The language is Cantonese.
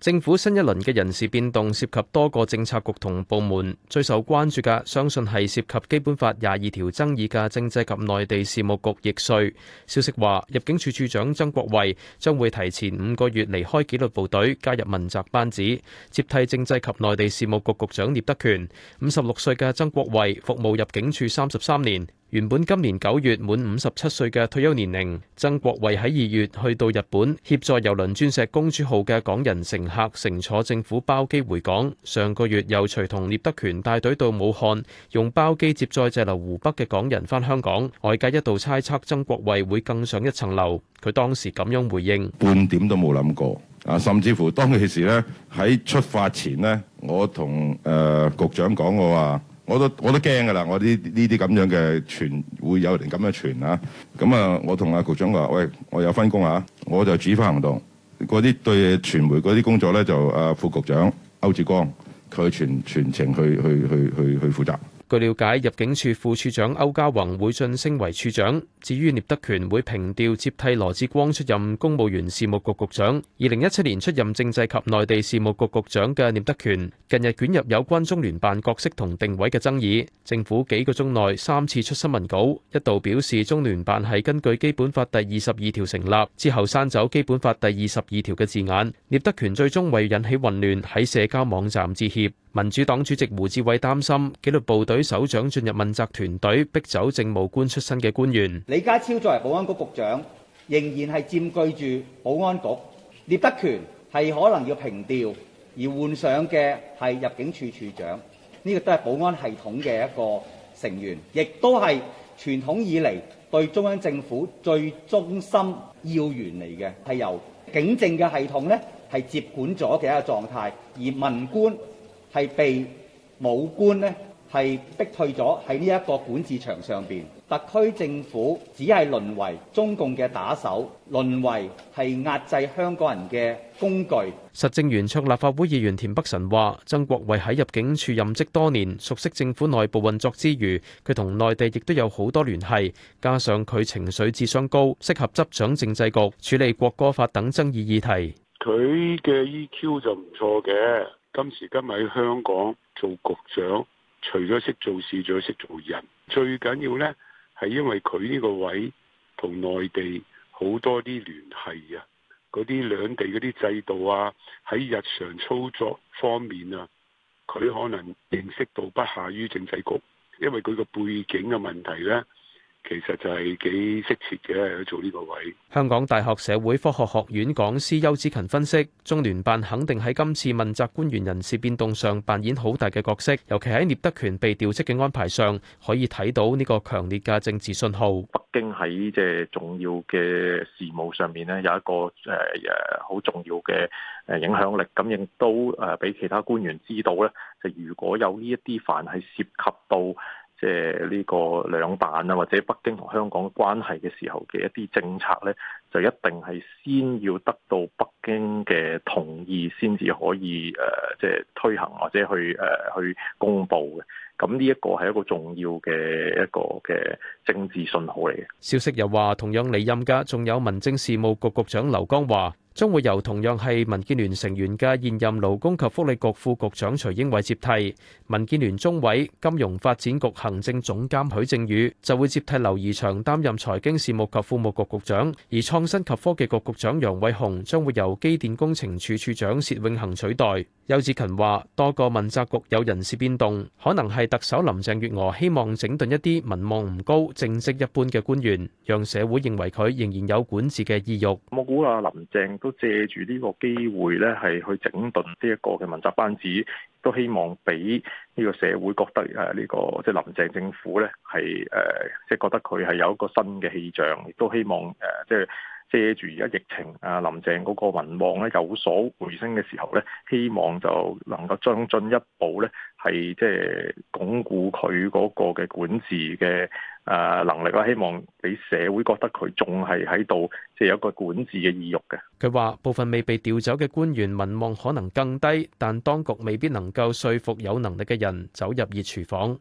政府新一輪嘅人事變動，涉及多個政策局同部門，最受關注嘅相信係涉及基本法廿二條爭議嘅政制及內地事務局易帥。消息話，入境處處長曾國衛將會提前五個月離開紀律部隊加入問責班子，接替政制及內地事務局局長聶德權。五十六歲嘅曾國衛服務入境處三十三年。原本今年九月滿五十七歲嘅退休年齡，曾國衛喺二月去到日本協助郵輪鑽石公主號嘅港人乘客乘坐政府包機回港。上個月又隨同聶德權帶隊到武漢，用包機接載滯留湖北嘅港人翻香港。外界一度猜測曾國衛會更上一層樓，佢當時咁樣回應，半點都冇諗過啊！甚至乎當其時咧，喺出發前咧，我同誒、呃、局長講我話。我都我都驚噶啦！我呢呢啲咁樣嘅傳會有人咁樣傳啊！咁、嗯、啊，我同阿局長話：喂，我有分工啊！我就主發行動，嗰啲對傳媒嗰啲工作咧，就阿、啊、副局長區志光佢全全程去去去去去負責。據了解，入境處副處長歐家宏會晉升為處長。至於聶德權會平調接替羅智光出任公務員事務局局長。二零一七年出任政制及內地事務局局長嘅聶德權，近日捲入有關中聯辦角色同定位嘅爭議。政府幾個鐘內三次出新聞稿，一度表示中聯辦係根據基本法第二十二條成立，之後刪走基本法第二十二條嘅字眼。聶德權最終為引起混亂，喺社交網站致歉。民主黨主席胡志偉擔心紀律部隊首長進入問責團隊，逼走政務官出身嘅官員。李家超作為保安局局長，仍然係佔據住保安局。聶德權係可能要平調，而換上嘅係入境處處長。呢個都係保安系統嘅一個成員，亦都係傳統以來對中央政府最忠心要員嚟嘅。係由警政嘅系統呢係接管咗嘅一個狀態，而民官。係被武官咧係逼退咗喺呢一個管治場上邊，特區政府只係淪為中共嘅打手，淪為係壓制香港人嘅工具。實政圓桌立法會議員田北辰話，曾國衞喺入境處任職多年，熟悉政府內部運作之餘，佢同內地亦都有好多聯繫，加上佢情緒智商高，適合執掌政，政制局處理國歌法等爭議議題。佢嘅 EQ 就唔錯嘅。今時今日喺香港做局長，除咗識做事仲識做人，最緊要呢係因為佢呢個位同內地好多啲聯繫啊，嗰啲兩地嗰啲制度啊，喺日常操作方面啊，佢可能認識到不下於政制局，因為佢個背景嘅問題呢。其實就係幾適切嘅去做呢個位。香港大學社會科學學院講師邱子勤分析，中聯辦肯定喺今次問責官員人事變動上扮演好大嘅角色，尤其喺聶德權被調職嘅安排上，可以睇到呢個強烈嘅政治信號。北京喺即重要嘅事務上面咧，有一個誒誒好重要嘅誒影響力，咁亦都誒俾其他官員知道咧，就如果有呢一啲凡係涉及到。即係呢個兩辦啊，或者北京同香港關係嘅時候嘅一啲政策咧，就一定係先要得到北京嘅同意，先至可以誒即係推行或者去誒去公布嘅。咁呢一個係一個重要嘅一個嘅政治信號嚟嘅。消息又話同樣，離任嘅仲有民政事務局局長劉江華。將會由同樣係民建聯成員嘅現任勞工及福利局副局長徐英偉接替，民建聯中委金融發展局行政總監許正宇就會接替劉怡翔擔任財經事務及庫務局局長，而創新及科技局局長楊偉雄將會由機電工程署署長薛永恒取代。邱志勤話：多個問責局有人事變動，可能係特首林鄭月娥希望整頓一啲民望唔高、政績一般嘅官員，讓社會認為佢仍然有管治嘅意欲。我估啊，林鄭。都借住呢個機會咧，係去整頓呢一個嘅問責班子，都希望俾呢個社會覺得誒呢、呃這個即係林鄭政府咧係誒，即係覺得佢係有一個新嘅氣象，亦都希望誒、呃、即係。借住而家疫情，啊林鄭嗰個民望咧有所回升嘅時候咧，希望就能夠將進一步咧係即係鞏固佢嗰個嘅管治嘅誒能力啦。希望俾社會覺得佢仲係喺度，即係有個管治嘅意欲嘅。佢話部分未被調走嘅官員，民望可能更低，但當局未必能夠說服有能力嘅人走入熱廚房。